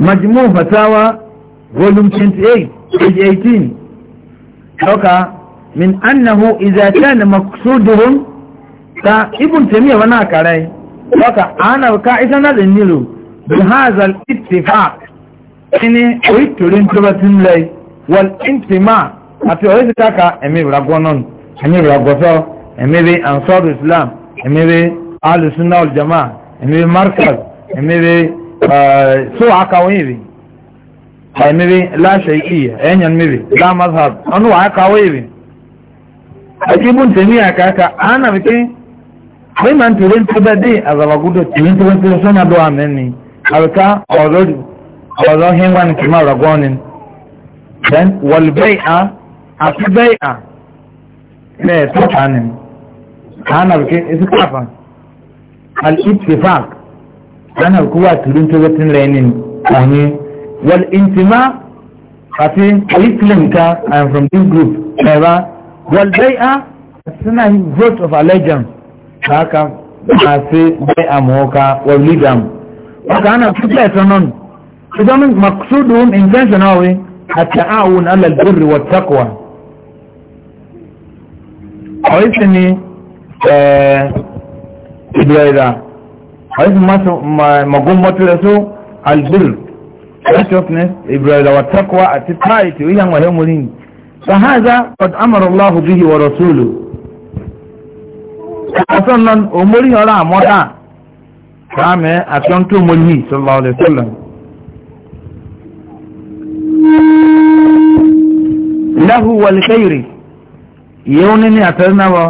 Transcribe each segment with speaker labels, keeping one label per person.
Speaker 1: majmu fatawa volume 28 page 18 haka min annahu idza kana maqsuduhum ta ibn tamiya wana karai haka ana ka isa na da nilu bi hadha al ittifaq ini oiturin tubatin lai wal intima àti orisi kaka emi ragonon emi ragoso emi bi ansar islam emi bi ahlus sunna wal jamaa emi bi markaz emi bi Uh, so aka wani bi ai mibi la shaikiya enyan mibi la mazhab anu aka wani bi a kibin tamiya kaka ana bikin bai man turin tuba dai a zaba gudu turin tuba tuba suna duwa mini alka ọzọri ọzọ hinwan kima ragonin then walbai'a a fi bai'a ne tutanin ana bikin isi kafan al-ittifaq ana kuwa turun tozatin lainin kame wal intima àti ayiklinka i am from this group ẹ̀rá wal bai'a suna yin vote of allegiance haka masu bai'a mahoka wal ligam haka ana kuka ita nan idan maksudun invention hawe a ta'awun alal birri wa takwa a wasu ne eh ibrahim hadisi magun matula su albir righteousness ibrahim wa takwa a ti tayi ti wiyan wa hemurin ta haza qad amara allah bihi wa rasulu asan nan umuri ora amota kame asan tu mulhi sallallahu alaihi wasallam lahu wal khairi yawnin atarna wa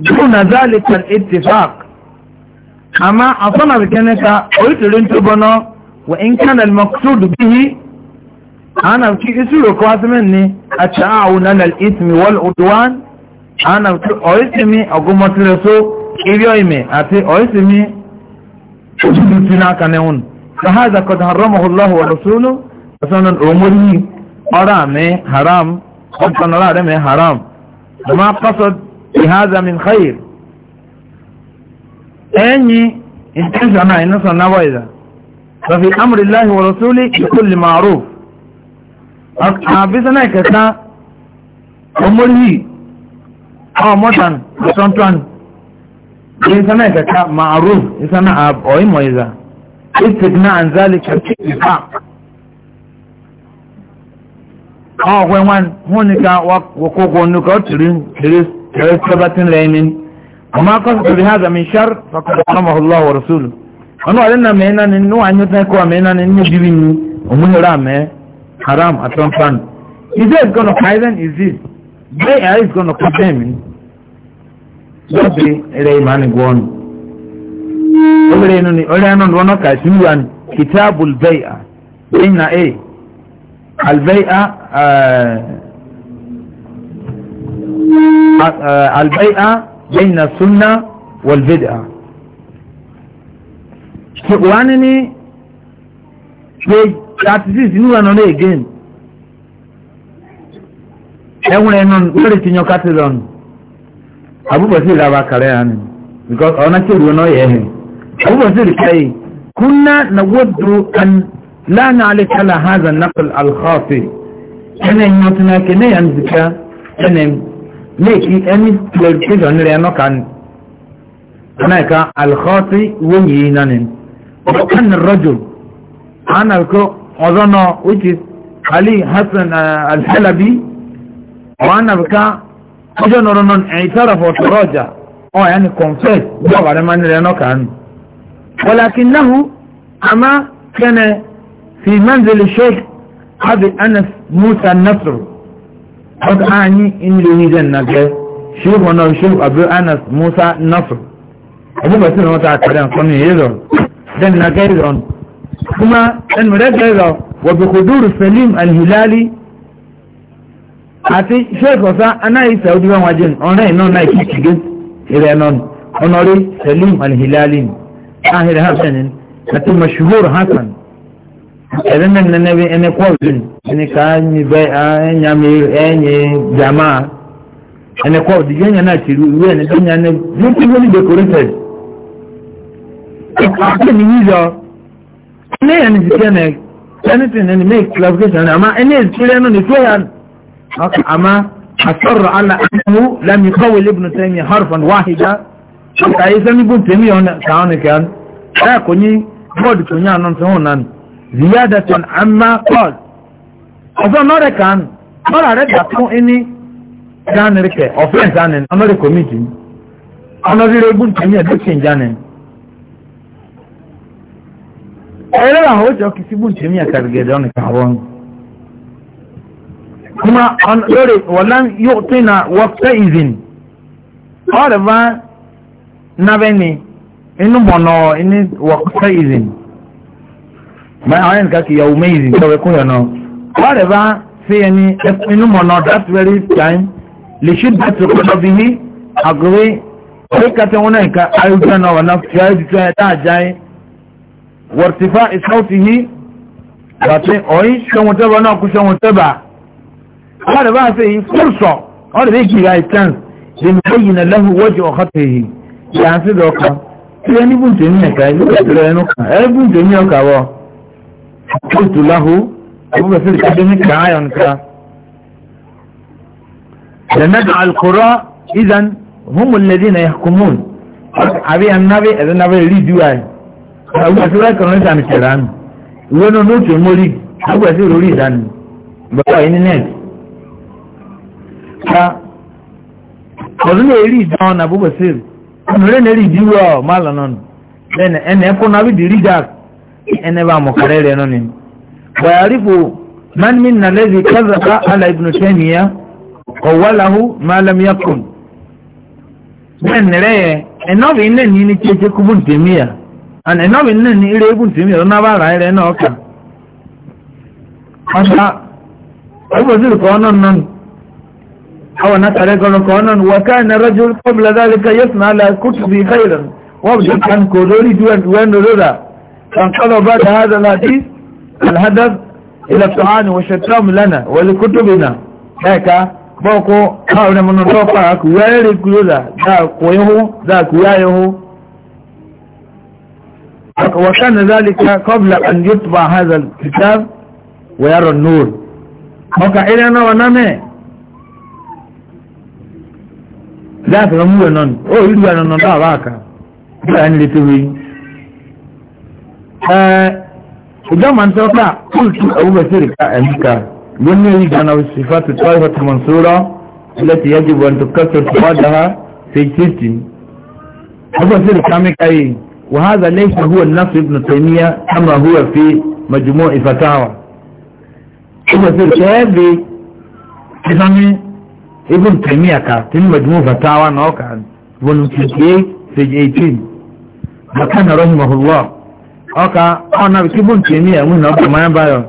Speaker 1: duna zalika ittifaq amma a sana bikin ka oitirin turbano wa in kana al-maqsud bihi ana ki isuro ko asmin ne a ta'awuna lal ismi wal udwan ana ki oitimi agumotire so ibiyo ime ati oitimi tutina kanewun fa hadha qad haramahu Allah wa rasuluhu sanan umuri harame haram qad sanara haram ma qasad bi min khair أني انتزعنا إن نصر نوايدا ففي أمر الله ورسوله بكل معروف أبسنا كتا أمره أو مطن وصنطن إنسانا كتا معروف إنسانا أب أوي مويدا استغناء عن ذلك الشيء ọ̀pọ̀ ẹ̀wọ̀n wọn ni ká wọ́kọ́kọ́ ní ترين tìrí tìrí tẹ́rẹ́ sẹ́bàtín lẹ́yìn وما قصد بهذا من شر فقد حرمه الله ورسوله أنا أعلن مهنا ننو أن يتنكو مهنا ننو جبيني ومهرام حرام أترم فان إذا it's gonna hide them is this they are it's gonna condemn me lọ́pẹ́ ẹ̀rẹ́ ìmáni gbọ́ọ̀nù obìnrin inú ni ọ̀rẹ́ ẹ̀nà wọn kà sí wà ní kìtàbù albẹ́yà bẹ́yìn na a albẹ́yà albẹ́yà بين السنة والبدعة wani ni page thirty six inú ẹ̀nà lè again ẹ̀wọ̀n ẹ̀nà lórí tìyàn catalan abúbọ̀sí ìlàwà kàrẹ́ àná because ọ̀nà tí ìlú náà yẹ̀ hẹ̀ abúbọ̀sí ìkẹyì kúnná na wọ́dù an lánà alẹ́kálà hazan nakul alkhafi ẹ̀nà ìyàn tí náà kẹ́ ní ẹ̀yàn zika ẹ̀nà leki any clarification rẹ nọka anaika alkhati wonyi yi nani ọkan rajul ana ko ọzọ nọ which is ali hasan uh, alhalabi ọana ka ọjọ nọrọ nọ ẹyitara for toroja ọ ya ni confess bí ọba rẹ ma ni rẹ nọka ni walakin nahu ama kẹnẹ fi manzili sheikh abi anas musa nasru ọdụ anyị imiri izen na gị shehu ọnọ shehu abu anas musa nasr ọbụ basi na wata akara nkọ na ịrọ den na gị ịrọ kuma den mere gị ịrọ wabi kuduru salim alhilali àti shehu ọsa anaghị saudi wọn wájú ọrẹ iná náà kìkì gị ìrẹ nọ ọnọrí salim alhilali ahịrị hasanin àti mashuhur hasan ẹ̀rín náà nínú ẹbí ẹni kọ́ ọ̀dùn ẹni ká ẹni bẹ ẹnya mi ẹnyẹ jama ẹni kọ́ ọ̀dùn yẹn náà ti wú ẹni tó nya ẹni beautifully decorated. Àti ni yíyọ, ẹni yẹn ti kẹ́ ẹ̀ anything ẹni make clarification ẹni àmà ẹni ìtúrẹ́ ẹnu ní tóyà àmà àtọ̀rọ̀ àlà ẹnu lámì kọ́wé lébùnú sẹ́yìn harfan wáhídá. Àyè sẹ́ni bùn tèmi ọ̀nà kàánìkan, ẹ̀ kò ní bọ́ọ̀dù tó ní àná tó hùn náà. ziyadatun amma qal ọzọ nọrẹ kan rẹ fún ẹni kẹ àwọn kuma lórí yóò tún na wọ́pẹ́ ìzìn ọ̀rẹ́ bá nàbẹ́ni inú mọ̀nà wọ́pẹ́ ìzìn. my iron kaki ya umeizi ya weku no whatever say any if we inu mono that very time le should be to put kota bihi agree kai kata wana ka ayuja na wana fiya to ya that. jai is wartifa isautihi wate oi shomoteba na kushomoteba whatever say Full furso or they give a chance then bayyana lahu wajhu khatihi ya sidaka ya ni bunte ni ka ni ka ẹbùn tèmi ọkà wọ qultu lahu abu basir kadin ka ayon ka لندع القراء إذا هم الذين يحكمون أبي النبي إذا النبي لي دواي أبو بسير كانوا يسامي سيران وينو نوتي مولي أبو بسير لي سان بقى إني نيت ọdún èrí ìdáwọn àbúbọ̀síl ọdún èrí ìdíwọ̀ máàlánà ẹni ẹkùn náà bí di rídàkì ene ba mukarere no ni wa yarifu man minna alladhi kadhaba ala ibn taymiya qawwalahu ma lam yakun ben reye eno bi ne ni ni cheche ku bun taymiya an eno bi ne ni ire bun taymiya na ba ra ire no ka asa ayo zil ko non non hawa na tare ko ko non wa kana rajul qabla dhalika yasma la kutubi khairan wa bi kan ko dori duan duan dora تنقضوا بعد هذا الحديث الهدف الى سعان وشتام لنا ولكتبنا هكا بوكو كاونا من نطوفا كويري كلولا دا كويه دا كويه وكان ذلك قبل ان يطبع هذا الكتاب ويرى النور هكا الى انا ونامي لا تغمو انا او يدو انا نطوفا كا يعني لتوين إجابة أنت وطلع قلت أبو بكر أمريكا قلنا لي أنا والصفات الطائفة المنصورة التي يجب أن تكثر سوادها في السيستم أبو بكر كاميك أي وهذا ليس هو النص ابن تيمية كما هو في مجموع فتاوى أبو بكر كابي إسامي ابن تيمية كاتين مجموع فتاوى نوكا 158 فيج 18 وكان رحمه الله ọka ọna kibu ntumi ẹnwu na ọba mmanya bayọ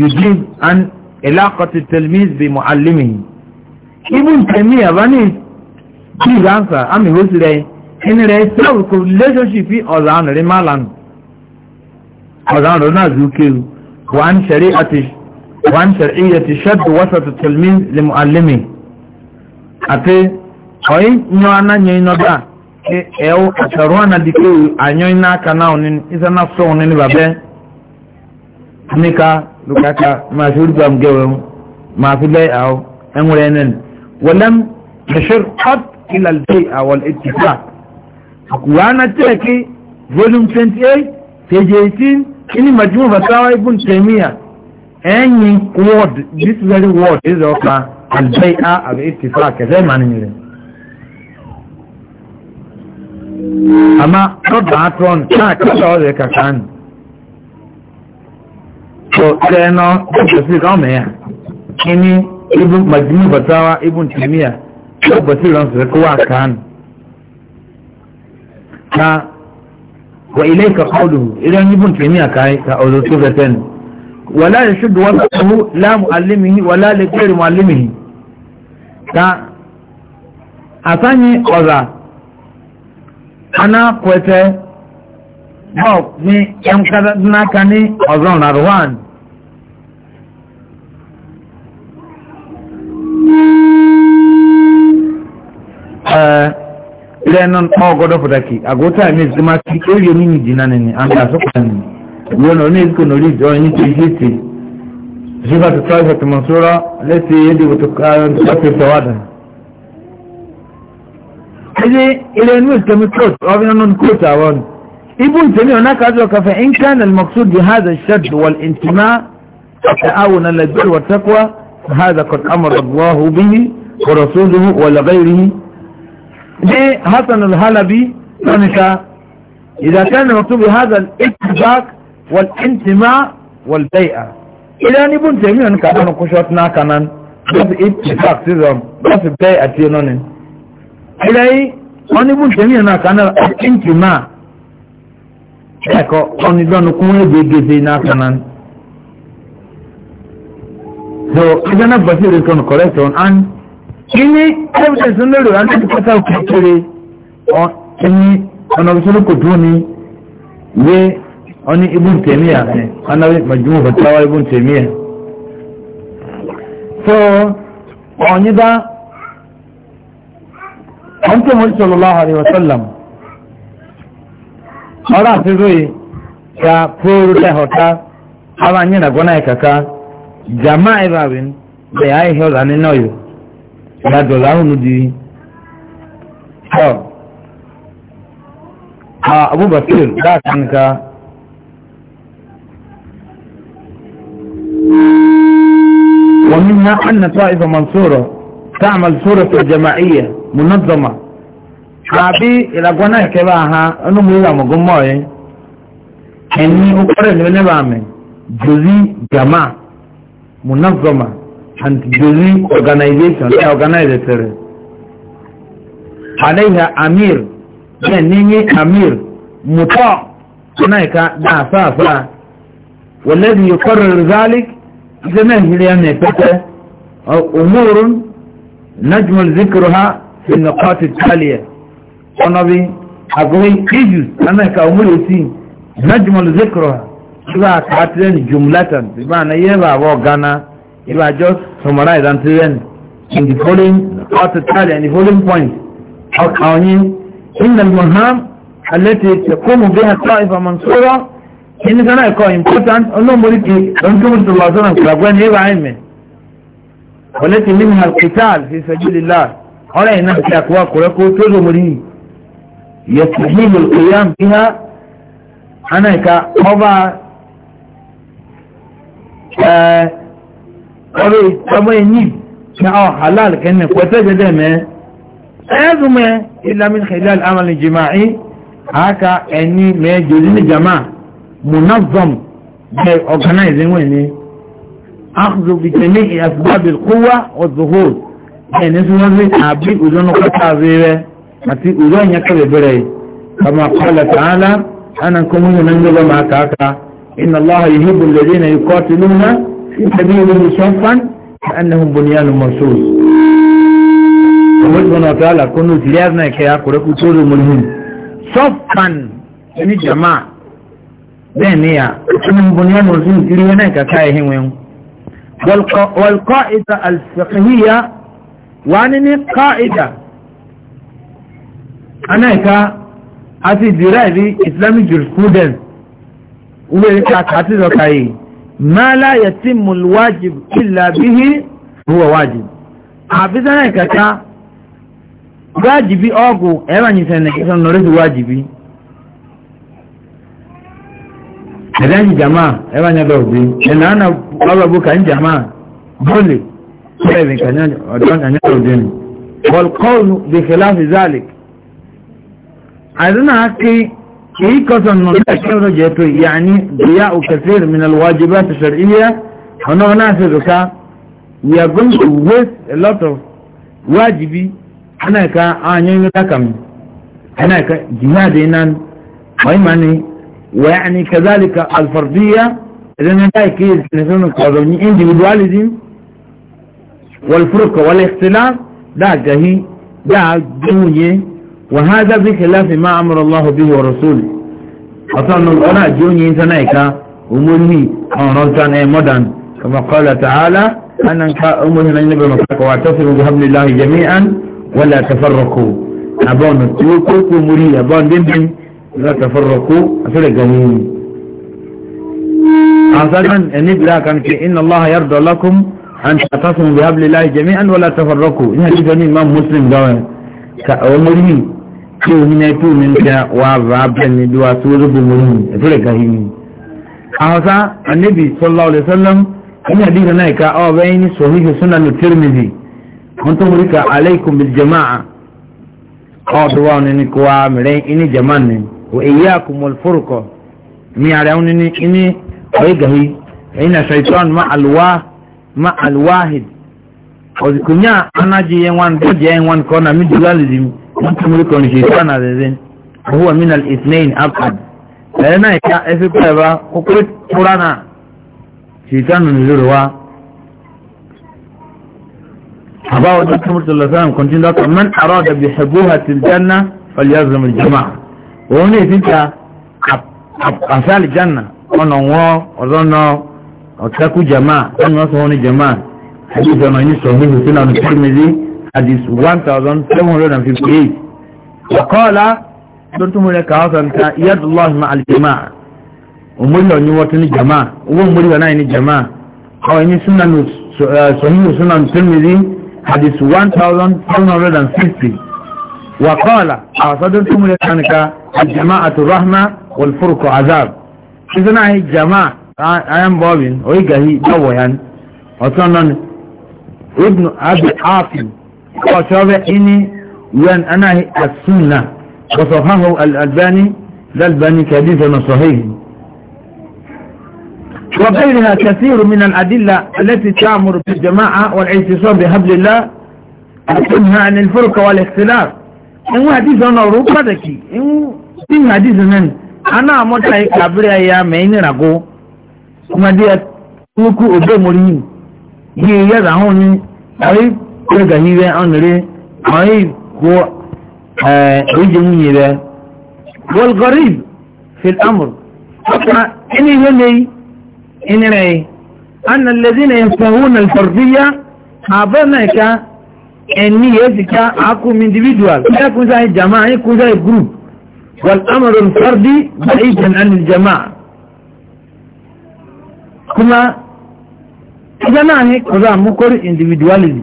Speaker 1: yujib an ilakọtụ telmiz bi muallimihi kibu ntumi ẹba ni please answer ami ho sire ẹni rẹ sẹwù kò relationship ọ̀zà ànú rí mọ́lá nù ọ̀zà ànú náà zù kéwù wọ́n ṣẹ̀rí àti wọ́n ṣẹ̀rí iye ti ṣẹ́dù wọ́sàtù telmiz li muallimihi àti ọ̀yìn nyọ́ anáyẹ̀ iná dáa ẹ̀wọ́ àtàrọ́ ànàdìkẹ́ àyàn iná aka náà ní ìsáná sọ̀rọ̀ ní bàbẹ́ níka lukaka máa fi orúkọ àmúgẹ́wẹ̀ máa fi lẹ́ àwọ̀ ẹ̀wọ̀n ẹ̀nẹ́ ni wọ́lẹ́m bẹ̀ṣẹ̀r hot ilàlẹ́ àwọn ètìfà àkùwánà tẹ́ẹ̀kì volume twenty eight page eighteen kíní màjúmọ̀ fàtàwà ibùn tẹ̀míyà ẹ̀yìn word this very word is ọ̀ka àlẹ́ àwọn ètìfà kẹfẹ́ mànìyàn rẹ̀ amma not that one ka kasa zai kasa ni to ɗaya na ɗaya fi ya kini ibn majini batawa ibn timiya ko basiran su kowa kan na wa ilaika qawluhu idan ibn timiya kai ka auzo su da tan wala yashud wasahu la muallimihi wala li ghairi muallimihi ka asani oza ana kwete help ni yamkada n'aka ni ọzọ na rwan ilé ẹnu ọmọ ọgọdọ pàtàkì àgótà mi ti máa ti na jìnnà na àti àsopọ̀ nìyí ìwé ọ̀nà oní ìsìnkú lórí ìjọ yín ti ṣe ti ṣífà ti tọ́ ìfẹ̀tìmọ̀sọ́rọ́ lẹ́sẹ̀ yédìbò tó ká ẹ̀ ń tọ́ pé ẹdí ilé inú ìtẹ̀mí coat ọ̀bìnrin nínú coat àwọn ibu ìtẹ̀mí ọ̀nà kájọ kafẹ́ nkan al-maksud bi hadha shad wal intima ta'awun al-bir wa taqwa hadha qad amara Allah bihi wa إذا كان مكتوب هذا الاتفاق والانتماء والبيئة إلى نبون تيمين كأنا كشوتنا كمان بس اتفاق بس بيئة تينونين ẹlẹ́yìn wọn ní bùtẹ́mí ẹ̀ náà kanáà ẹ̀ǹtì máa ẹ̀kọ́ ọ̀nìdọ́nukún ẹ̀gbẹ́gbẹ́ náà kanáà. so ẹgbẹ́ náà bọ̀ sí return correction and kíní evidence ń lérò láti pátá kékeré ẹni ọ̀nà òṣèlú kò dúró ní wé ọ̀ní ibùtẹ́mí ẹ̀ anáwé ẹ̀. so ọ̀nyídá wọ́n tó mọ́rí sallallahu alaihi wasallam ọ̀rọ̀ àti rúi ya kúrú lẹ́họ̀ta ara yìí nà gbọ́nà ìkàkà jama ìràwìn bẹ̀ ya ihe ọ̀rọ̀ nínú ọ̀yọ̀ ya dọ̀là di ọ̀ abubakar dáàkà nìkan ومنها أن طائفة منصورة تعمل صورة جماعية منظمة àbí ìlàgbọ́nà ìkẹ́bà ha ọlọ́mọlúwà mọ̀gọ́mọ́ ẹ̀ ẹni ọkọ̀rẹ́ ní ẹnẹ́bà mi jozi gama munazoma and jozi organization ẹ̀ organizatory àlẹ́yà amir bẹ́ẹ̀ níyí amir mutọ́ ọ̀nàìka dáàfáàfá wọlẹ́bí ọkọ̀rẹ́ rẹ̀ zálík ìṣẹ́ náà ìṣẹ́lẹ̀ ẹ̀ najmul zikruha fi nuqat taliya ona bi agoy issues ana ka umuri si najmul zikruha ba ka tren jumlatan ba na yeba wa gana iba just summarize and then in the following nuqat taliya in the following point او قوانين ان المهام التي تقوم بها الطائفه منصوره ان كان important انه مريكي رسول الله صلى الله يبقى عين منه والتي منها القتال في سبيل الله على إنها تقوى قرقو تزمري يستحيل القيام بها أنا كأبا أبي أبي نيب شعو حلال كأنه وتجدم أزم إلا من خلال عمل جماعي هكا أني ما يجوزين جماعة منظم organizing ويني أخذوا بجميع أسباب القوة والظهور يعني نسمى أبي أذن قطع زيرة أتي أذن يكبر بري كما قال تعالى أنا كم ننجل ما كاكا إن الله يهب الذين يقاتلون في سبيله صفا كأنهم بنيان مرصوص ومجمنا تعالى كنوا تليارنا كي أقرأ كتور منهم. صفا يعني جماعة بين يا كأنهم بنيان مرصوص إلينا كاكا يهمهم والقاعدة الفقهية وانني قاعدة أنا كا أتي دراسي إسلامي جرسودن وبيرجع تعطيه وكاي ما لا يتم الواجب إلا به هو واجب أبدا أنا كا واجبي أوجو إما نسأني كسر نورس واجبي ẹ̀dẹ́yìn jamaa ẹwà nyẹ́ lọ́ọ̀bí ẹ̀nà ànà ọlọ́bù kà ń jamaa bọ́ọ̀lì bẹ́ẹ̀ni kà ní ọ̀dọ́ kà ní ọ̀dọ́ ni wọ́lkọ́ọ̀lù bí kìláàfì zálì àdínà ákí kìí kọ́sọ̀ nù ní ẹ̀kẹ́rọ jẹ́ pé yàní bíyà òkèfèrè mi nàlù bá ti sọ̀rọ̀ ọ̀nà ọ̀nà àti ìrùkà we are going to waste a lot of wajibi ana ka anyanyi lakami ana ka jihadi nan wọ́n ma ويعني كذلك الفردية لأن ذلك يسمون كذلك individualism والفرق والاختلاف ده جهي ده جوني وهذا بخلاف ما أمر الله به ورسوله أصلا الأولاء جوني إنسانيك أمره أمرتان مدن كما قال تعالى أن أمره النبي مكاك واعتصروا بحبل الله جميعا ولا تفرقوا أبون التوكوك أمره أبون دمهم لا تفرقوا أسر جميل أعطانا النبلا كان في إن الله يرضى لكم أن تعتصموا بهبل الله جميعا ولا تفرقوا إن حديث عن إمام مسلم دواء كأومره كيو هنا يتو منك وعب الندوى سورب مرهم أسر جميل أعطانا النبي صلى الله عليه وسلم إن حديث نايكا أو بين صحيح سنن الترمذي أنتم لك عليكم بالجماعة أو أنني كوا وعملين إني جمانين wa iyyakum wal furqa mi arauni ni ini ay gahi ina shaytan ma alwa ma alwahid ozikunya anaji yenwan doje yenwan kona mi dualism mtu mliko ni shaytan azezen huwa min al ithnain abad lana ya efi kweba kukuri kurana shaytan nzurwa أبا وجدت مرسل الله سلام كنت ذاك من أراد بحبوها الجنة فليلزم الجماعة òun lè títa àfẹ́ àlìjánà ọ̀nà wọn ọ̀lọ́nà ọ̀tẹ́kù jama ẹni wọ́n sọ wọn ní jama àdìsí ọ̀nà yìí sọ wíwú sínú ọ̀nà tìrìmìlì àdìsí one thousand seven hundred and fifty eight ọ̀kọ́ọ̀lá tó tún múlẹ̀ káwọ́ sọ nǹkan yẹ́dùlọ́ọ̀hì máa àlìjama òmùlẹ̀ ọ̀nyí wọ́n tún ní jama owó òmùlẹ̀ wọn náà ní jama ọ̀ ẹni sọ wíwú sínú ọ̀nà tìrìmìlì àdìsí one thousand seven hundred and fifty. وقال أعصدتكم لأنك الجماعة الرحمة والفرق عذاب إذن أي جماعة أيام بابين ويقهي جوهن وصنن ابن أبي عاصم وشابه إني وأن أنا السنة وصفحه الألباني للباني كديث صحيح وغيرها كثير من الأدلة التي تأمر بالجماعة والاعتصام بحبل الله وتنهى عن الفرق والاختلاف in hadisi na ru padaki in din hadisi a ana mota yi kabira mai ni rago kuma dia nnukwu obe muri yi ya da hon ari ko ga hiwe onre ai ko eh ije munye da wal gharib fi al-amr kuma ini yene ini ẹni yẹ ti ká akúmi individual ẹ kún sáyé jama ẹ kún sáyé group wal amaru fardi ba'idan an jama kuma ẹjọ́ náà ní kọ̀dọ̀ àmúkọ́rí individualism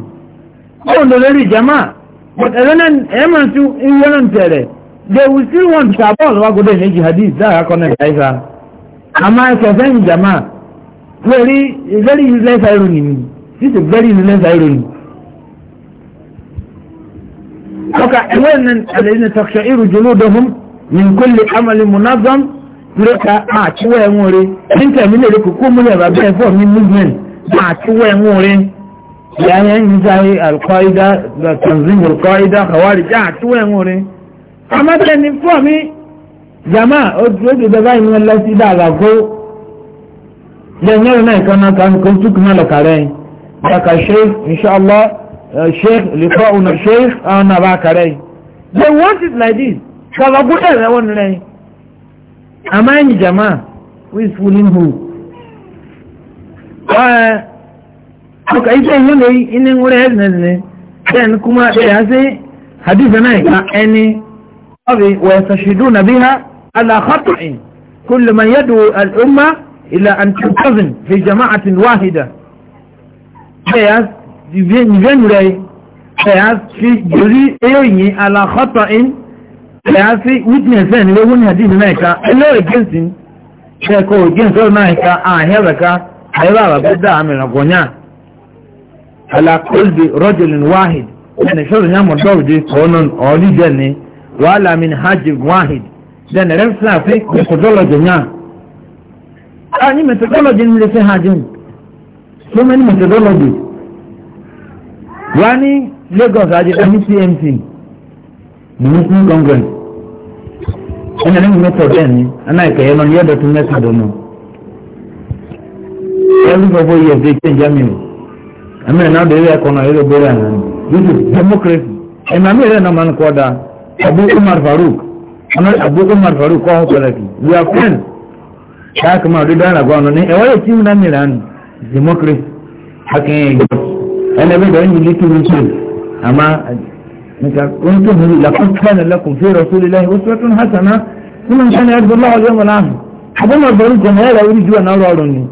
Speaker 1: ọ̀hún lọ lórí jama but ẹ̀mọ̀ tí ìwé náà tẹ̀rẹ̀ they will still want to abọ́ọ̀lù wa gọ́dọ̀ ní jihadist dára kọ́nà ìdáyíṣà àmà ẹ̀kọ́fẹ́ ní jama very very useless irony this is very useless irony haka wannan alladhina taksha'iru juludahum min kulli amalin munazzam leka a ti wa enwo re nta mi le ko ko mu le ba be for mi movement a ti wa enwo re ya yan ni zai al-qaida da tanzim al-qaida khawarij a ti wa enwo re ama ni for mi jama o do do ba ni la si da ga ko le ne na kan kan ko tu kuma kare da ka sheikh insha Allah sheikh liqa'una sheikh ana ba karai they want it like this kaga gudan da wannan amma ni jama'a who is fooling who aka yi sai yanayi inin wurin heznet ne ɗan kuma ɗaya sai hadisa na ika ɗani ƙabi wa ya sashidu na biha ala khatu'in kullu man yadu al'umma ila an tuntazin fi jama'atin wahida ɗaya ìvénu rẹ̀ ẹ̀yà sí yorí èyí aláhọ́tọ̀ in ẹ̀yà sí witness ẹ̀ nílé wọ́n ní àdínì náà ẹ̀ka ẹlẹ́wọ̀ ìgbésí ẹ̀kọ́ ìgbésí ọ̀rọ̀ náà ẹ̀ka àhẹ́rẹ̀ká àyẹ̀wò àbàbẹ́dà àmìrànkọ̀nyà alákòlùdì rọ́jòlìn wáhìd ẹni sọ̀rọ̀ ní àmọ̀dọ́rùdì kọ́ọ̀nùn ọ̀ọ́lídẹ̀ ni wàhálà min hajj wáhìd then rẹ́fúsà fi methodology náà ah ní methodology ní lè fi wá ní lagos àjẹjẹ ní cmc municipal congress ẹnna ní mẹtọ bẹẹ ni anáìkẹ yẹn náà yọdọ tún mẹta dọnà every four four years they change germany amẹ́rin náà dèrè ẹ̀kọ́ náà yóò bẹ̀rẹ̀ àná this is democracy ẹ̀nà mi rẹ̀ náà máa ń kọ́ da abu umar farouk abu umar farouk kọ́ ọ̀hún pẹ̀lẹ́kì we are friends ṣáà kìí máa rí dáhùn ọ̀nà ní ẹ̀wọ́n yóò tí ń náà democracy أنا بدأ أني ليك من شيء أما كنتم لقد كان لكم في رسول الله أسوة حسنة لمن كان يرجو الله اليوم الآخر حتى ما ضروركم هذا يريد أن أرى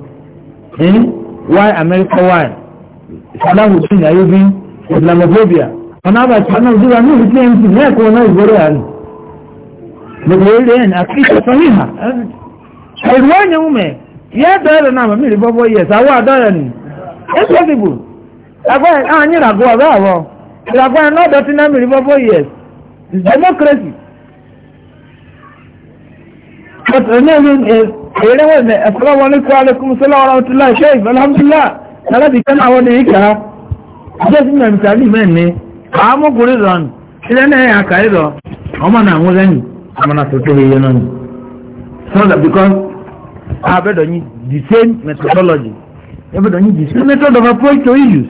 Speaker 1: إيه واي أمريكا واي صلاح الدين أيوبي إسلاموفوبيا أنا أبا سبحانه وتعالى أنه يتلقى يمكن هيك وانا يزوري هذا نقول لين أكيد صحيحة حيوان يومي يا دار نعم ميري بابا يس أوا دار إمبوسيبل Agora, ah, ni rago agora, Agora não dá tina me riba for years. It's democracy. But the name is, ele wa ne, assalamu alaikum wa alaikum assalam wa rahmatullahi shaykh, alhamdulillah. Sala di kana wa ne ka. Aje sin na misali men ne. Amu guri ran. Ile ne ya kai do. Ọmọ na mu zani. Ọmọ na so to ye non. So that because abedo ni the same methodology. Abedo ni the same method of approach to issues.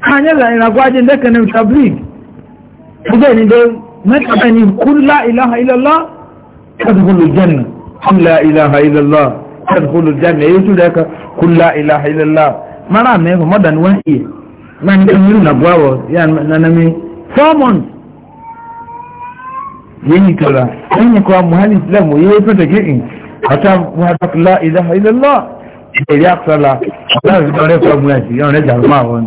Speaker 1: hanyar ina gwajin daga nan tablik kuka ni dai matsanin kun la ilaha illallah تدخل الجنة قل لا إله إلا الله تدخل الجنة يسودك قل لا إله إلا الله ما رأى ما مدن وحي ما نكملون أبواب يعني ننمي فامون يني كلا يني كوا مهالي إسلام ويهي فتكئين حتى وحدك لا إله إلا الله إذا أقصى لا لا يفعل مهاتي يعني نجعل ما هون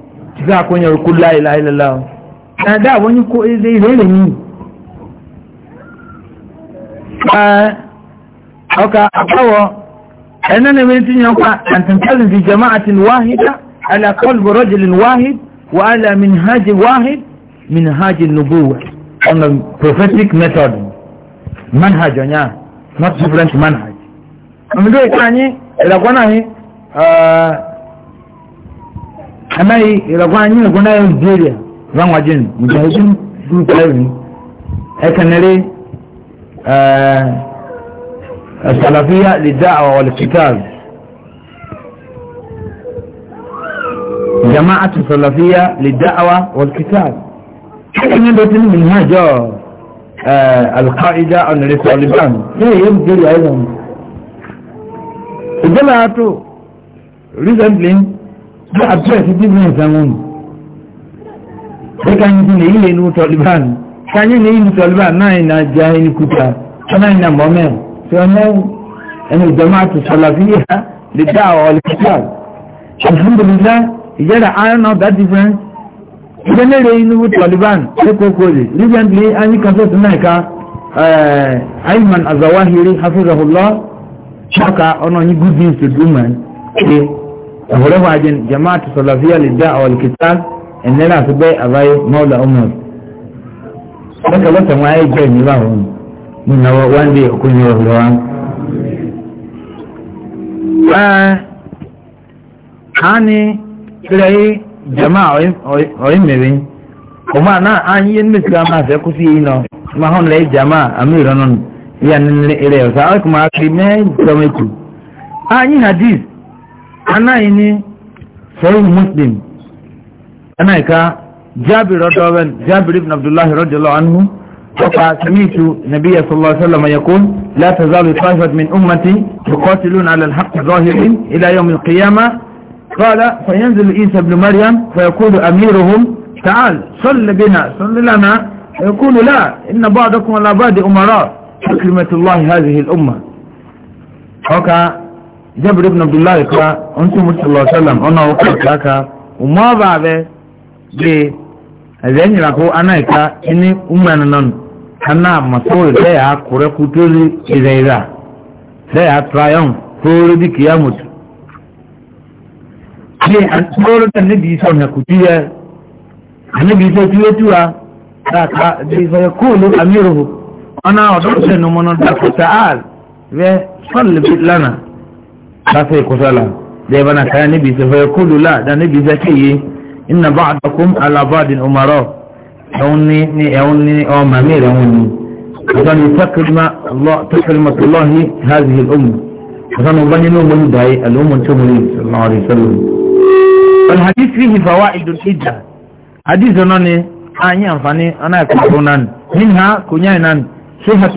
Speaker 1: ti za ko nyar kullu la ilaha illallah na da wani ko zai rere ni ah aka abawo أنا نبنت ينقع أن تنتظم في جماعة واحدة على قلب رجل واحد وعلى منهاج واحد منهاج النبوة on the prophetic method manhaj not different manhaj mdo ikanye ila kwana hi ah, anaghị ịrakwa anyị egwu na nigeria zanwa jin mujahidin dukarin ekenere السلفية للدعوة والقتال جماعة السلفية للدعوة والقتال احنا بيتنا من هاجة القاعدة عن الطالبان هي يبدو ايضا الجماعة recently bí àtúrẹ̀sì business àwọn nù bí káyín sí lèyí lè nu tọ́lìbán káyín lèyí nu tọ́lìbán náà iná jẹ́ ẹni kúta ṣọ́nà iná mọ́mẹ́ tí wọ́n náà ẹni ìjọba àti sọ̀làfíà
Speaker 2: lè dá àwọn ọ̀lẹ́kítà
Speaker 1: alhamdulillah ìjẹ́ra iron out that difference ìjẹ́lẹ̀ lèyí nu tọ́lìbán lẹ́kọ̀ọ́kọ́ rẹ̀ recently ayé kan tó tún náà ká eh, ayman azawahiri hafizahullah ṣọ́ka ọ̀nà yìí good news to do man ọ̀rẹ́ wájin jama'atu salafiya lidda a walkital in nira su bai a bayi maula umar daga wata ma ya jẹ́ mi báwọn mu na wanda ya kunye wa rawa hani tirai jama'a oyin mere kuma na an yi nisa ma sai kusi yi no ma hon lai jama'a amiran nan yanin ire yau sa'a kuma akiri mai zamaiku an yi anáyí ní sọ́yìn muslim anáyí ká jábì rọ́dọ́wẹ́n jábì ibn abdullahi rọ́dọ́lọ́ anhu وقع سمعت النبي صلى الله عليه وسلم يقول لا تزال طائفة من أمتي يقاتلون على الحق ظاهرين إلى يوم القيامة قال فينزل عيسى بن مريم فيقول أميرهم تعال صل بنا صل لنا يقول لا إن بعضكم على بعض أمراء حكمة الله هذه الأمة وقع jabir ibn abdullahi ka on ti mu sallallahu alaihi wasallam ona o ka ka umma ba be de azen ra ko ana e ka ini umma nan kana maso da e ya kure kutuli idaira da ya trayon ko di kiyamut ni an tsoro da nabi son ya kutiya annabi sai tuwa tuwa da ka bi fa yakulu amiruhu ana wa dukkan mun da ta'al wa salli lana kasa ko sala dai bana kaya nabi sai fa yaqulu la da nabi zake yi inna ba'dakum ala ba'din umara yawni ni yawni o mamira yawni kadan takrima Allah takrimat Allah hadhihi al-umma kadan baninu mun dai al-umma tumuri sallallahu alaihi wasallam الحديث فيه فوائد الحجة حديث نوني أني أنفاني أنا كفرنان منها كنينان صحة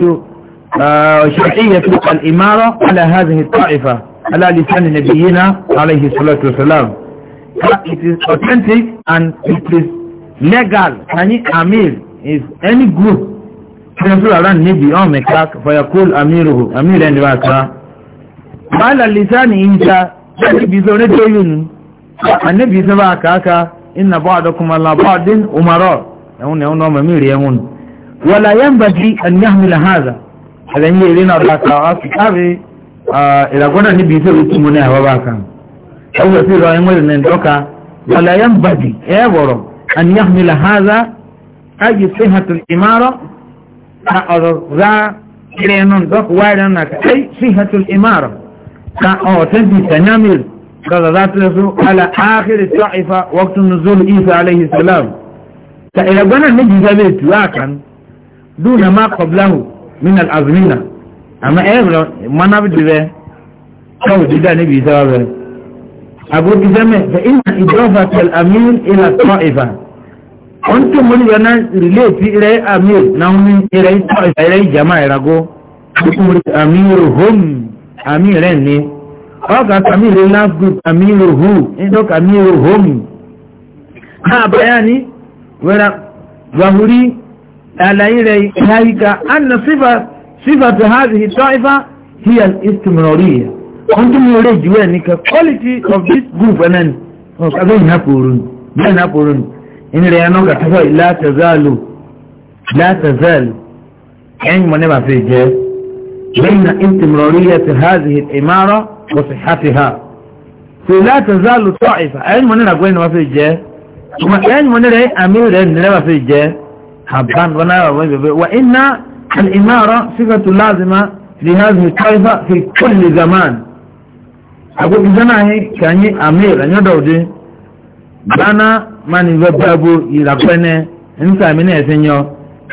Speaker 1: شرعية الإمارة على هذه الطائفة على لسان نبينا عليه الصلاة والسلام it is authentic and it is legal any amir is any group تنزل على النبي أو مكاك فيقول أميره أمير أنواكا على لسان إنسا النبي زونة تيون النبي زواكا كاكا إن بعضكم على بعض أمراء يقول يقول نوم أمير يقول ولا ينبغي أن يحمل هذا هذا يقول لنا ركاك أبي Ah, ìràgbọ́dọ̀ níbi iṣẹ́ òtún mu ní àwọn bá kan ọwọ́ sí ìrọ̀ ẹ̀wọ̀n ìrìn dọ́ka ọ̀làyàn bàdì ẹ̀ wọ̀rọ̀ àníyàn mi làhàzà ájì sí hàtù ìmárọ̀ ka ọ̀rọ̀ rà kiri ẹnu dọ́kù wáyé náà ka ẹ̀ sí hàtù ìmárọ̀ ka ọ̀tẹ́ntì tanyamil dọ̀dọ̀ láti lọ sún ala áhìrì tó ìfà wọ́kùtù nùzúlù ìfà aláìhì sàlám ka ìràgbọ́dọ̀ níbi iṣẹ́ òtún wá kan dúnà má kọ̀bláhù min al-azmina ama ɛyɛbrɛ mana bi dibɛ kawo dida ne bi saba bɛ agogi dɛmɛ fɛ ina idɔfa tɛl amir ila tɔ'ifa wọn tó mɔri yɛ na rileeti ira yi amir na hun ira yi tɔ'ifa ira yi jama ira go akumuri amiru hom amire ni ɔka kamiru last group amiru hu ndok amiru hom ha bayani wɛrɛ wahuri alayi rɛ yi ka an na sifa صفة هذه الطائفة هي الاستمرارية أنتم يريد وانك quality of this group أظن أبين نفورون لا نفورون إن ريانوك تفاي لا تزال لا تزال عين ما نبع في جاز بين استمرارية هذه الإمارة وصحتها فلا تزال طائفة عين ما نبع في جاز ثم عين ما نبع أمير نبع في جاز حبان ونبع في وإن الإمارة صفة لازمة لهذه الطائفة في كل زمان أقول إذا هي كان أمير أن يدعو bana mani gbẹgbẹbo ìràpẹnẹ nsàmì náà ẹsẹnyọ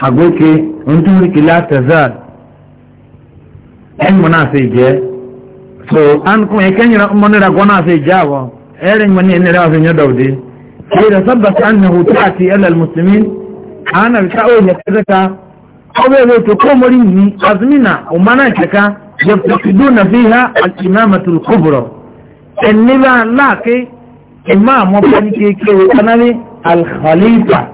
Speaker 1: àgbókè ntúrìkìlá tẹzad ẹnmọ náà sì jẹ so ankun ẹkẹnyẹrẹ mọnira gbọ náà sì jẹ àwọ ẹrẹ nyọ ní ẹnẹrẹ ọsẹ nyọ dọwọde ṣe ìdásọgbàsá ànàwó tí a ti ẹlẹ mùsùlùmí àánà bí ká ó yẹ kẹsẹka أولا تقومري من أزمنا ومنا كتا يفتقدون فيها الإمامة الكبرى النبا لاك إمام وفانيكي كي وكانالي الخليفة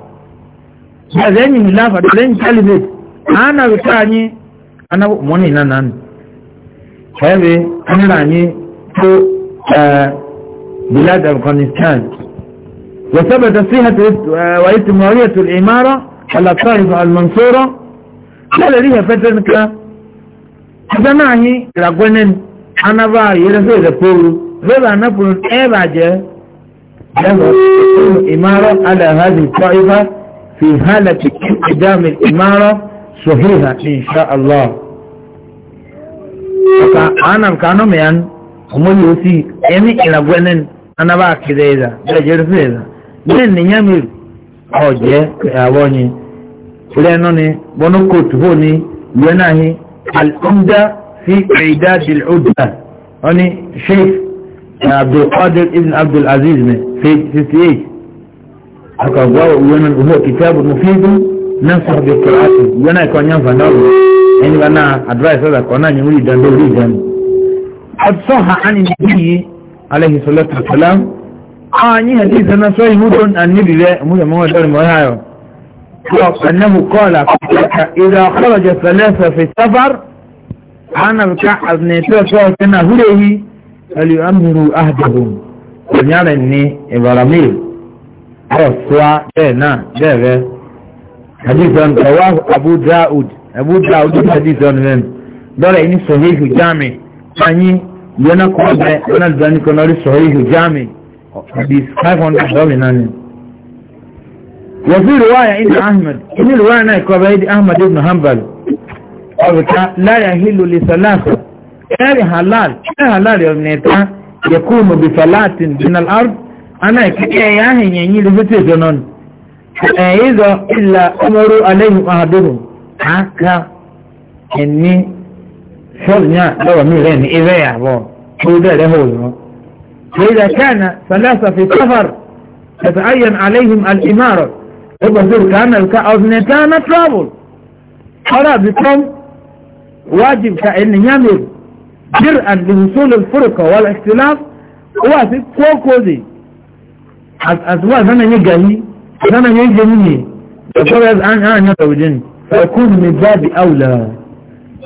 Speaker 1: هذا الله ملافة لين كلمة أنا وكاني أنا موني نان فهذا أنا لاني تو بلاد أفغانستان وثبت صحة وإتمارية الإمارة على الطائفة المنصورة lẹ́lẹ̀ rí ẹ̀fẹ́ tẹ́ nìkan ẹgbẹ́ náà yín ìràgbẹ́nẹ́ ni anábà yẹrẹ fẹ́ rẹ̀ pòrò bẹ́ẹ̀ anápòrò ẹ̀ bàjẹ́ lẹ́fọ̀ ìmárọ̀ aláhàdì tọ́ ifá fi hálà ti kí ìdámi ìmárọ̀ sòhíhà insha allah ọ̀ka àánàm kanọ́ mẹ́yàn ọmọ yóò sì ẹni ìràgbẹ́nẹ́ ni anábà kìrẹ́ ìdá bẹ́ẹ̀ jẹ́rẹ́ fẹ́ ìdá bẹ́ẹ̀ nìyàmìrì ọ̀jẹ́ kẹ́ lẹ́nu ni bọ́nùkòtù hó ni yẹn náà ni al'umda fi ẹ̀dá ìlúdà wọ́n ni sheikh eh, abdulkadir ibn abdulaziz ni page 58 akọ̀gbọ́ wọn ni owó kìtàbù mufidu náà sọ bí kìláàtì yẹn náà kọ́ yẹn fàdá wọ̀ ẹni bá náà advice ọ̀dà kọ́ náà ni wọ́n yìí dán lórí ìdán. ọ̀tọ́ha ani nìyí alayhi salatu wa salam. àwọn yìí hàn ìsẹ́nà sọ ìmúdò àníbì rẹ̀ ìmúdò mọ́wọ́ dọ́rin أنه قال إذا خرج ثلاثة في السفر أنا بكع أبني ثلاثة سنة هليه فليؤمروا أهدهم ونرى أني إبراميل أسوى جينا جيغة حديث عن رواه أبو داود أبو داود حديث عن من دولة إني صحيح جامع أني ينا قوة أنا الباني كنوري صحيح جامع حديث 500 دولة ناني وفي رواية عند أحمد في رواية نايك وبعيد أحمد بن حنبل لا يهل لثلاثة كاري حلال كاري حلال يا ابنتا يكون بثلاثة من الأرض أنا كأياه ينيل فتر جنون إذا إلا أمروا عليهم أهدهم حكا إني شرنا لو مي غير إذا يعبون هو ده له فإذا كان ثلاثة في سفر تتعين عليهم الإمارة Ebosir kana ka oznetana trouble. Hara become واجب كأن يعمل جرءا لوصول الفرقة والاختلاف واسي كوكوزي أسوا زنا يجاهي زنا يجميني فقرز أن أن يتوجن فيكون من باب أولى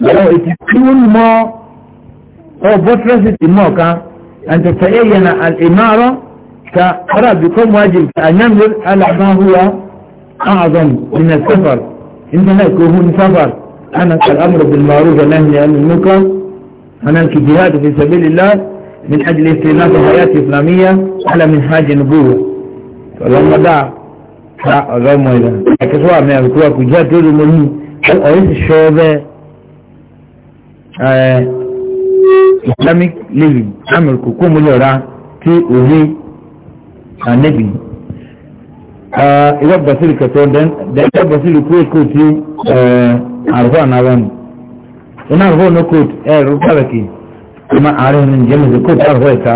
Speaker 1: لو تكون ما أو بطرس الموقع أن تتأين الإمارة كأرى بكم واجب كأن يعمل على ما هو أعظم من السفر إنما يكون سفر أنا الأمر بالمعروف والنهي عن المنكر أنا الجهاد في سبيل الله من أجل استئناف الحياة الإسلامية على منهاج النبوة فلما دعا فأغام إلى أكسوا من أبكوا كجاء تقول مني هل أريد الشعب Islamic آه. living أمر كوكو مليورا تي أولي النبي آه، ìwọ basiri kẹtọ dẹkẹ basiri kúrò kóòtù àrùfọ ànáwọn iná àrùfọ ní kóòtù ẹ rú pàtàkì ọmọ ààrẹ ní jẹmẹsì kóòtù àrùfọ ẹka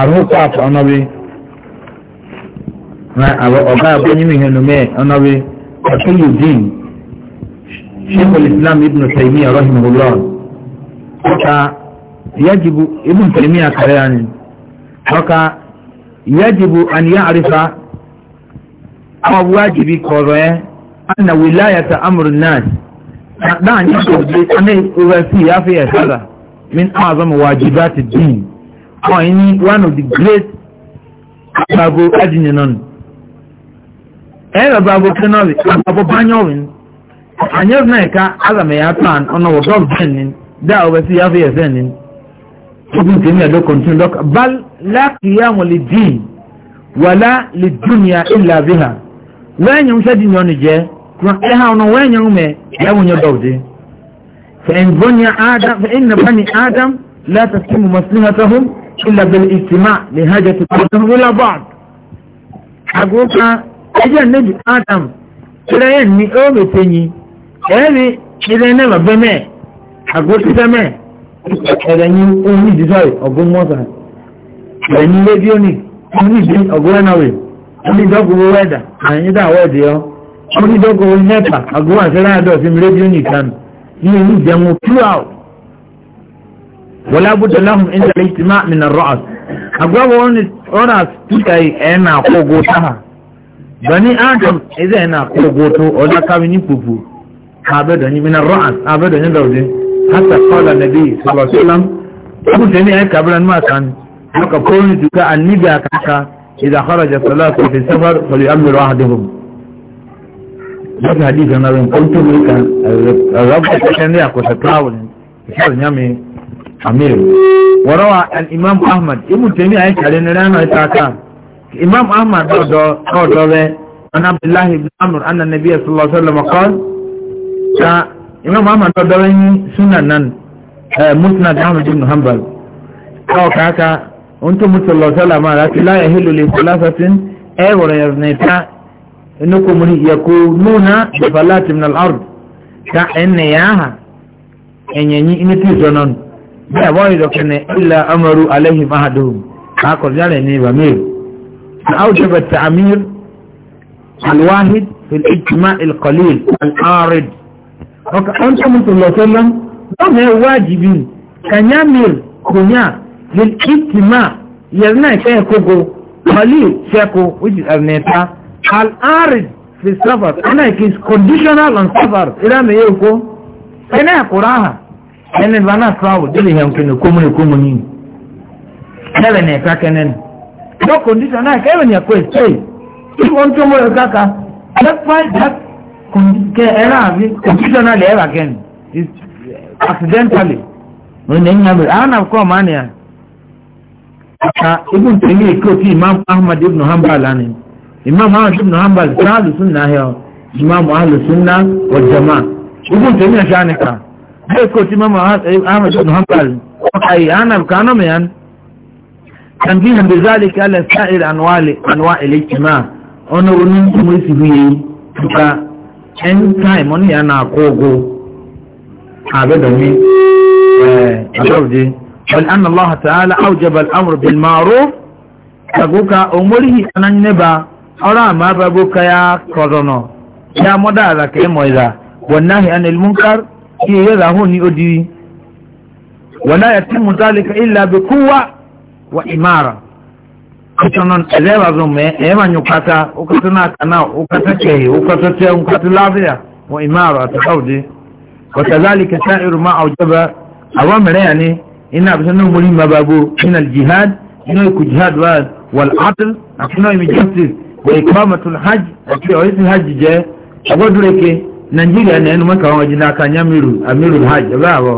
Speaker 1: àrùfọ pààpù ọnọbi na ọba abọnyimi hẹnumẹ ọnọbi akílù dín sheikh islam ibn taymiya rahimahullah ọka yajibu ibn taymiya kàrẹ́ ànì ọka yajibu an ya'rifa àwọn wájìbí kọ̀rọ̀ ẹ́ ana wilayata amurin náà náà ní ṣòdí aná ìrẹsì àfihàn sára min àwọn wájìbá ti dín àwọn yìí ní one of the great àbàbò adìyànnà ẹ̀rọ àbàbò kẹ́nọ́ọ̀lì àbàbò bányọ́wìn anyọ́rọ̀ náà ẹ̀ka azàmẹ̀yà plan ọ̀nà wọ̀dọ́ọ̀bù bẹ́ẹ̀ ni dáa ìrẹsì àfihàn sẹ́ẹ̀ ni tóbi tèmi ẹ̀dọ́ kọ̀ntún lọ́kà wẹ́nyẹ̀ ńṣẹ́ di nyọ́ni jẹ́ ẹ̀ ha ọ̀nà wẹ́nyẹ̀ ńmẹ̀ ẹ̀wọ̀n yẹ dọ̀wọ́dẹ́ fẹ̀yìnbọ́nyẹ adam fẹ̀yìnbọ́ adam láti sí mu mọ̀sílẹ̀ àtọ́hún ilà bẹ̀rẹ̀ ìtìmá lè hajj tó kọ́ tó wúlá bọ́ọ̀d. àgùkà ẹ̀jẹ̀ níbi adam tẹ̀lẹ́yẹ̀ ní ó bẹ̀ tẹ̀yìn ẹ̀rí ilẹ̀ nẹ́bà bẹ́mẹ̀ àgùkùsẹ́mẹ̀ ẹ̀rẹ̀yìn ohun ìdíjọ́ ọ̀gbọ́n mọ́ta ẹ̀rẹ̀yìn rédíò ní ohun ìdí ọ̀gbọ́n náà wẹ̀ onídọ́gbòwò wẹ́dà àyíndà wẹ́dì ọ́ onídọ́gbòwò nẹ́pà àgbọ̀wà sẹ́láàdọ̀ sí rédíò nìkan ní ìlú ìjẹun plural wọlé abúdó láhùn ìjẹlẹ ìtìmá mìnà rọ́ọ̀s àgbọ̀wò ọ̀rà spíkà ẹ̀ nà kógo táhà bani adam ẹ̀dẹ̀ ẹ̀ nà kógo tó ọ̀dà káwé ní pòpò àbẹ̀dọ̀ ní mìnà rọ́ọ̀s àbẹ̀dọ̀ ní dọ̀dẹ̀ hàtà kọ́lá nàbí sọ̀rọ̀ sọ́lám إذا خرج الثلاثة في السفر فليأمر أحدهم ما في حديث أنا بين قلت لك الرب كان يأكل تتراول بشار نعمي أمير وروى الإمام أحمد ابن تيمية عيش علينا لأنه يتعكى الإمام أحمد قال قال أن عبد الله بن عمرو أن النبي صلى الله عليه وسلم قال إمام أحمد برضو سنة آه، مسند أحمد بن حنبل قال كاكا onto musalla sallama rati la yahillu li thalathatin awra yaznita innakum yakununa bi falatin min al-ard ka enyaha enyenyi initi zonon ba boy do kene illa amaru alayhi mahadum ako jale ni bamir awjaba ta'mir الواحد في الاجتماع القليل العارض وكأنت من صلى الله عليه وسلم وما واجبين كان يعمل كنيا للإجتماع يرنا شيكو قليل شيكو وجه أبنيتا الأرض في السفر أنا كيس conditional on سفر إلا ما يوكو أنا قراها أنا بنا travel دلي هم كنو كومني كومني هذا نيكا كنن no condition na kẹ́wọ̀n ni ẹ̀kọ́ ìṣe ìwọ̀n tó mọ̀ ẹ̀ka ká ẹ̀fà that kẹ conditional ẹ̀rọ again is accidentally ọ̀nà ẹ̀yìn àbẹ̀rẹ̀ àwọn àkọ́ ọ̀mánìyàn ka ibn taymiyyah ko ti imam ahmad ibn hanbal ani imam ahmad ibn hanbal sahal sunna ya imam ahlu sunna wal jamaa ibn taymiyyah shani ka ai ko ti imam eh, ahmad ibn hanbal kai ana kana me an tanbihan bi zalika ala sa'ir anwali anwa' al ijtima ono runun mu sibiye ka en time oni ana kogo abedomi eh abodi بل أن الله تعالى أوجب الأمر بالمعروف تقوك أمره أن النبا أرى ما بابوك يا كورونا يا مدى ذاك إذا والنهي عن المنكر هي هوني أدي ولا يتم ذلك إلا بقوة وإمارة kusanan elewa zo me ema nyukata ukatana kana ukata chehi ukatache ukata lavia wa imara ataudi وكذلك سائر ما أوجب أوامر يعني ina bisa nan muri mababo min al-jihad ina ku jihad wa wal adl akina mi justice wa iqamatul hajj akina wa isi hajj je agodureke nigeria na enu maka wa jina ka nyamiru amirul hajj bawo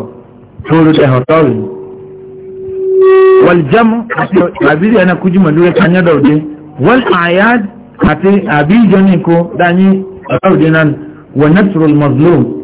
Speaker 1: toro de hotori wal jam abiri ana kujuma dure kanya dawde wal ayad ati abijoni ko dani dawde nan wa nasrul mazlum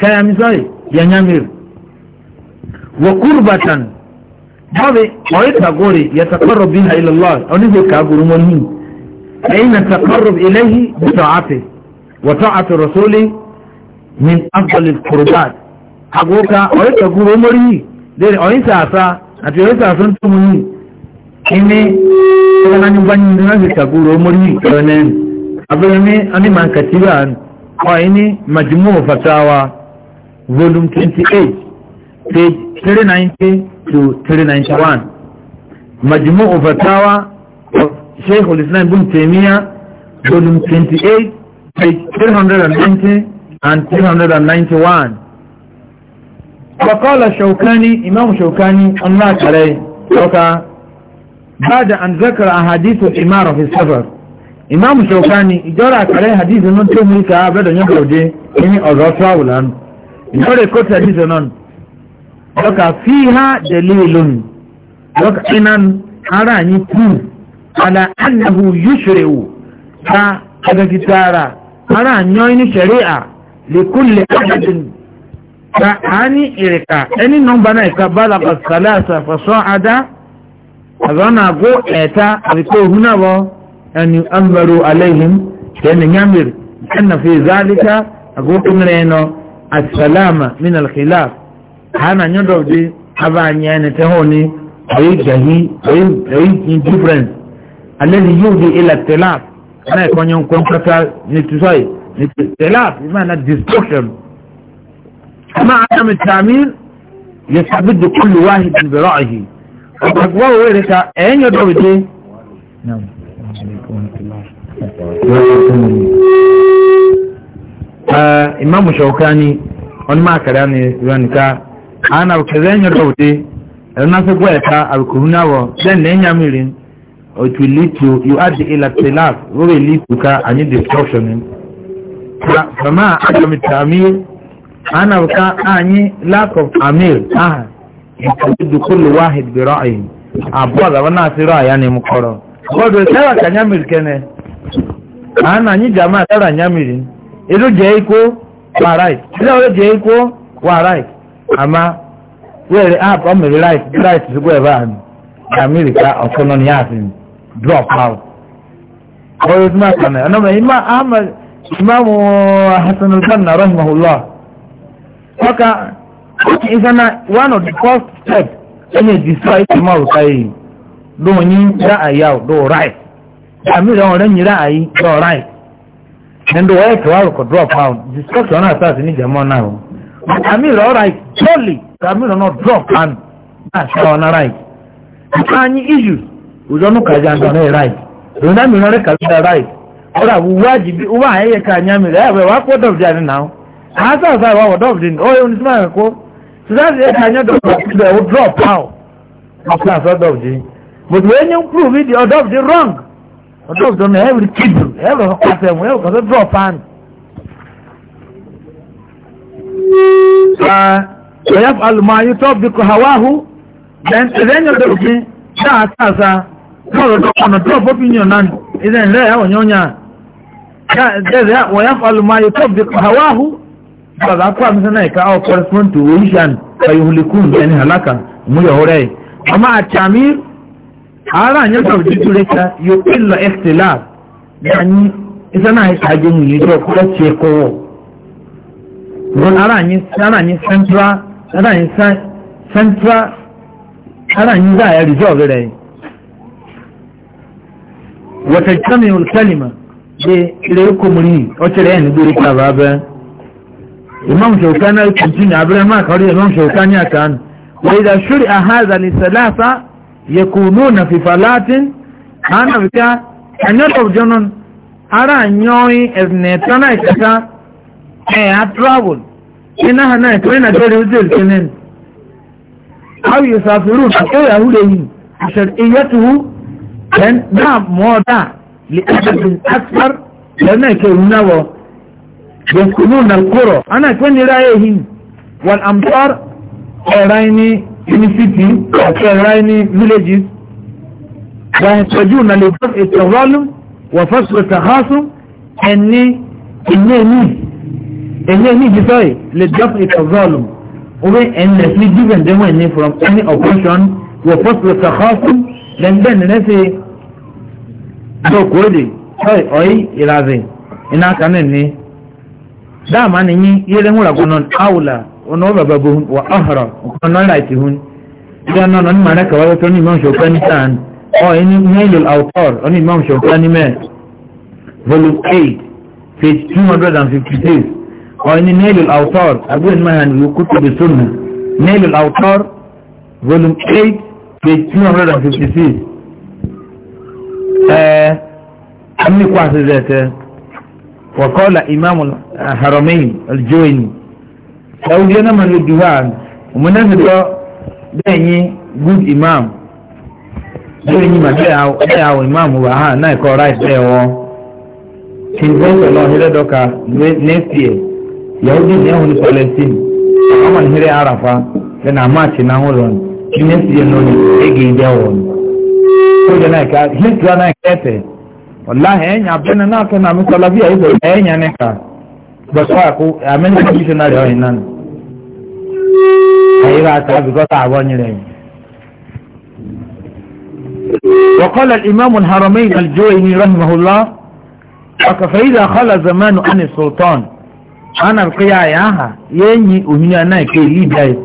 Speaker 1: kaya misali ya nyamir wa kurbatan babe waita gore ya taqarrab biha ila Allah oni ko ka guru mon hin aina taqarrub ilayhi bi ta'ati wa ta'ati rasuli min afdal al-qurbat agoka waita guru mori de oni sa sa ati oni sa sun tumuni ini kana ni banyi na ka guru mori kanen abene ani man katiba ko ini fatawa volume 28, page 390 to 391. Majmu'u Fatawa of Sheikh al-Islam bin Taymiyyah, volume 28, page 390 and 391. وقال الشوكاني إمام شوكاني أنلاك عليه وقال بعد أن ذكر أحاديث الإمارة في السفر إمام شوكاني إجارة عليه حديث من تهمي كعبد يحوجي إني أرى تراولا ìjọ́rẹ̀ kó tradition náà lọ́kà fi ha dẹ̀lé lónìí lọ́kà iná ara yìí kú ala annahu yushri'u ta agagitara ara yọ́ ní shari'a lè kúlẹ̀ ahadin ta a ní ìrìkà ẹni nọmba náà ìka balaga salasa fason ada a zana go ẹ̀ta àríkò hunabọ ẹni an baro alaihim ṣe ni yamir fi zalika a kúnrẹ́ náà asalama min alkhilaf hana nyodo de haba nyane te honi ay jahi ay ay indifferent alladhi yudi ila tilaf ana ko nyon ko kata ni tusai ni tilaf bimana destruction ma adam التعمير يستبد كل واحد برأيه وتقوى ويرك اين يدعو دي نعم عليكم الله imamu shaukani wani makara ne ranka ana alkazan ya raute na su gwayata alkuhuna wa zan na yanya mirin otu litu yu adi ila tilaf wuri litu ka anyi distortion kama aka mita amir ana wuka anyi lack of amir aha yakadudu kullu wahid bi ra'ayin abuwa da wani asiri a ya nemi koro gbọdọ tara ka nyamir kene ana anyi jama'a tara nyamirin èdò jẹ́ ikó wà right ilé ọ̀rẹ́ jẹ́ ikó wà right àmà wẹ́rẹ́ app ọmọdé right right ṣùgbọ́n ẹ̀ bá mi amẹ́ríkà ọ̀kan náà ní ààfin drop out ọ̀rẹ́ tí máa kàn ẹ̀ ọ̀nàmọ̀ ìmá ahmed ìmáàmù hasan al-banna rahimahullah ọkà ọkà ìsànà one of the first steps ẹni destroy tomorrow káyé lóun yín dá àyà ọ̀ dọ̀ right àmì ìrẹ̀ ọ̀rẹ́ yín dá àyè dọ̀ right ẹ̀ndù wọ́n ètò àrùkọ̀ drop out discussion náà sáà sí ní ìjẹ̀mọ́ náà o amir all right totally amir náà drop and náà ṣe wọn náà right àtàyìn issues òjòónú kàjá ń dọ̀nà right òun náà mìíràn rẹ̀ kàjá right ọ̀rọ̀ àwùwájì bí wọ́n àyẹ̀yẹ ká ní amir ẹ̀ wá pọ̀ dọ̀bù díà nínú àwọn àásà ọ̀sà ìwà wọ̀ dọ̀bù díà ó yẹ onísìmọ̀ ẹ̀kọ́ sísáàsì ẹ̀ka ẹ̀yẹ dọ̀bù díà ó drop out ọdún ọdún náà ẹ̀rì kìdù ẹ̀rọ kọsẹ̀ wọn ẹ̀rọ kọsẹ̀ drọ̀ pan. ṣọyá alùmọ̀ ayé tó bí kò hàwáhù ẹ̀rẹ́yìn ọdún òfin dáa sáàsá lọ́rọ̀ dọ́kànnà drọ̀ bófin yàn náà ìdẹ̀ ńlẹ̀ ẹ̀wọ̀n yàn yàn. wọ́n yá alùmọ̀ ayé tó bí kò hàwáhù bàbá kó àmì sẹ́nà ìka ọ̀ kọ́rẹ́sìmọ́ntì òwúrìṣàn fàyìhùlẹ̀kùn ẹni hàlákà múyọ̀ ọ̀rẹ́ ọmọ àtàmì ara nyɛ sɔrɔ tutu le ta yo ilɔ ɛstilaf yanyi isana ayikaaje mu yi sɔrɔ kura tie kɔɔ wọn ara nyi ara nyi central ara nyi central ara nyi za ayɛ resolve rɛ wata jami olkalima de ile komuni ɔkyerɛ yɛn gbere kaba bɛ imam shauka na kuntun abirama kawai imam shauka ni aka wai da shuri a haza yakununa na falatin ana bika anyar of jonon ara nyoyi as ne tana ikaka e a travel ina hana ko ina dole uzul kenen aw yusafirun ko ya hude yi shar'iyatuhu dan da moda li adadin akbar lana ke nawo yaskununa alqura ana ko ni rayehin wal amsar raini in the city and rainy villages ويحتاجون لدفع التظالم وفصل التخاصم اني انني انني جسوي لدفع التظالم ومن ان في given them any from any oppression وفصل التخاصم لان ده نفسي دو كودي اي اي الازي انا كان ني دا ما ني يلمو لا كنون اولى ọ̀nà bàbá bò wà áhàrà ọ̀kan náà láì ti hun ìdá náà nọ ní màá náà kàwáyé tó ní ìmọ̀ ṣọ̀kan ní sàn ọ̀ ẹni mẹ́lò àwùtọ́r ọ ní ìmọ̀ ṣọ̀kan ní mẹ́ volume eight page two hundred and fifty six ọ̀ ẹni mẹ́lò àwùtọ́r àbúrò ní màá ní kú tóbi sónà mẹ́lò àwùtọ́r volume eight page two hundred and fifty six ẹ̀ẹ́ àmì kwàsí zẹ̀tẹ̀ wọ́kọ́ la imam haromein aljoini. ẹ̀wùn díẹ̀ náà máa lè dùn wá ọmọ náà ti tọ́ bẹ́ẹ̀ yín good imam bẹ́ẹ̀ yín imam wà hàn náà ẹ̀kọ́ right bẹ́ẹ̀ wọ́n kí n bọ́ sọ̀lọ́ ọ̀hẹ́dẹ́dọ́ka next year yàwó ní ẹ̀hún palestine ọmọ náà next year ní وقال الإمام الحرمين الجويني رحمه الله فإذا خلى زمان عن السلطان أنا القيا ياها يني أمنا ناكي ليجاي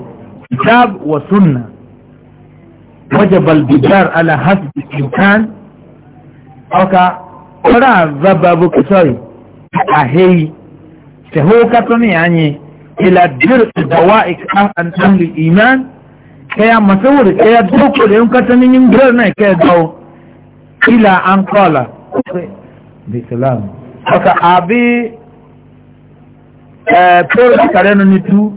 Speaker 1: كتاب وسنة وجب البجار على حسب الإمكان أوكا قرأ الزباب كسوي أهي تهوكة يعني إلى درء دوائك عن أهل الإيمان كيا مصور كيا دوكو لهم كتنين يمجرنا كيا دو إلى أن قال بسلام فكا أبي بيرو كارينو نتو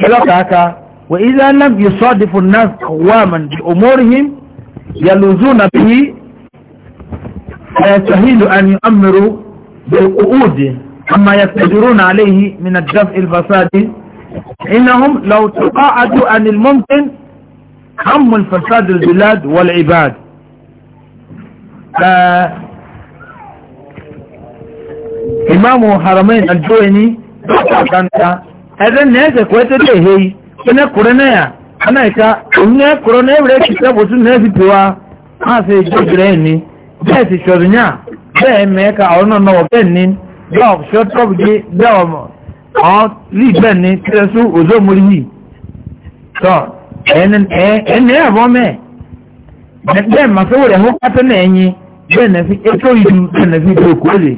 Speaker 1: كلاك هكا وإذا لم يصادف الناس قواما بأمورهم يلوزون به فيستحيل أن يؤمروا بالقعود عما يستجرون عليه من الدفء الفساد إنهم لو تقاعدوا عن الممكن هم الفساد البلاد والعباد آه، إمام حرمين الجويني هذا الناس كويت لهي كنا كورنايا أنا إكا كنا كورنايا ولا كتاب وشو ناس بوا ما سيجريني بس شورنيا بس ميكا أو نو بنين yọ ṣe tọ́bù jẹ́ bẹ́ ọmọ ọ̀n rí bẹ́ẹ̀ ni tẹ́lẹ̀ sún òzó mórí yìí tọ́ ẹni ẹ̀bọ́ mẹ́ bẹ́ẹ̀ mà sọ́wọ́ rẹ̀ hún pátá náà ẹ̀yìn bẹ́ẹ̀ nà fi ètò ìlú bẹ́ẹ̀ nà fi dòkó lè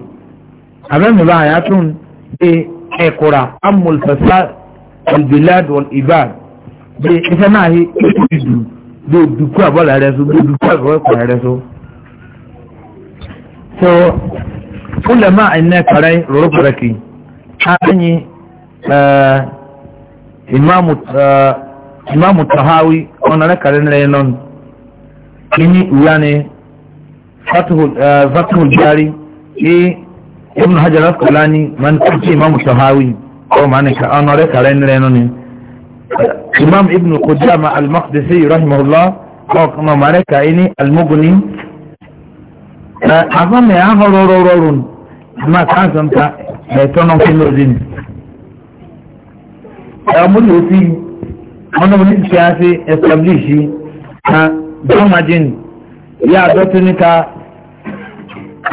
Speaker 1: abẹ́mìíràn àyà tún ṣe ẹ̀kọ́ra amúlùfẹ́sà albilad wal ibad bí iṣẹ́ náà yí ètò ìlú bí dùkú àbọ̀là rẹ̀ so bí dùkú àbọ̀là rẹ̀ so ulama ina karai rubraki hanyi eh, imamu eh, imamu tahawi onare karin renon kini yani fatihul eh, jari e ibn hajar asqalani man kace imamu tahawi ko mane ka onare karin renon imam ibn qudama al-maqdisi rahimahullah ko kuma mane ka ini al-mughni azame ya hororororun àmà káàsán ká ẹ̀tọ́ náà fún lóde nì. ẹ̀rọ ló fi ọ̀nà oníṣẹ́ àti ẹ̀sítàbílìṣì na dọ́màjìn yà àdọ́tún ní ká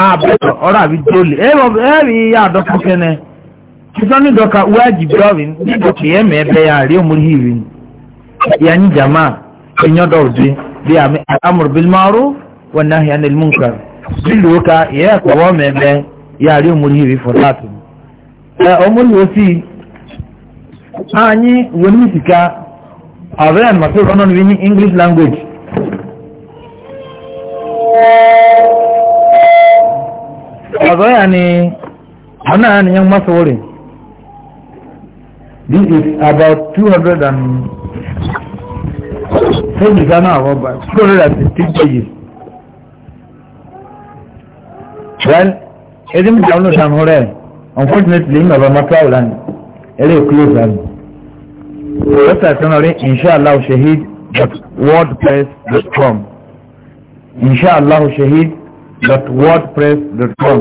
Speaker 1: àbẹ̀tọ̀ ọ̀rọ̀ àbí jólè ẹ̀rí yà àdọ́tún kẹ́nẹ́ títọ́ ní dọ́ka wájì bíọ́rì ní dọ́kì ẹ̀mẹ̀ ẹ̀bẹ̀ yà rí òmùrí hìrì yà ní jàmá ẹ̀yọ́dọ̀ òde bí àmì àmùrùbílmárù wọn náà yà ní ilmùnkà bí lóka yẹ ẹ̀kọ́ wọ́n mẹ́bẹ̀ẹ́ yàrá òmùrìhìrì fọláàtì ẹ ọmọlù òsì anyị wọnìmìsìká ọ̀rẹ́ ẹ̀ màtí ọ̀nà ní ní english language. ọ̀rọ̀ yà ni ọ̀nà àníyàn masọ̀wọ̀rì this is about two hundred and pages ana awọ ba two hundred and sixteen pages. well ẹdí mi dàrú nìkan rẹ unfortunately ní ọba mọ́tò àwòrán ẹlẹ́ ìkúlẹ̀ ìgbàlù. wọ́tà sọ́nà rí inshallah shahid dot wordpress dot com inshallah shahid dot wordpress dot com.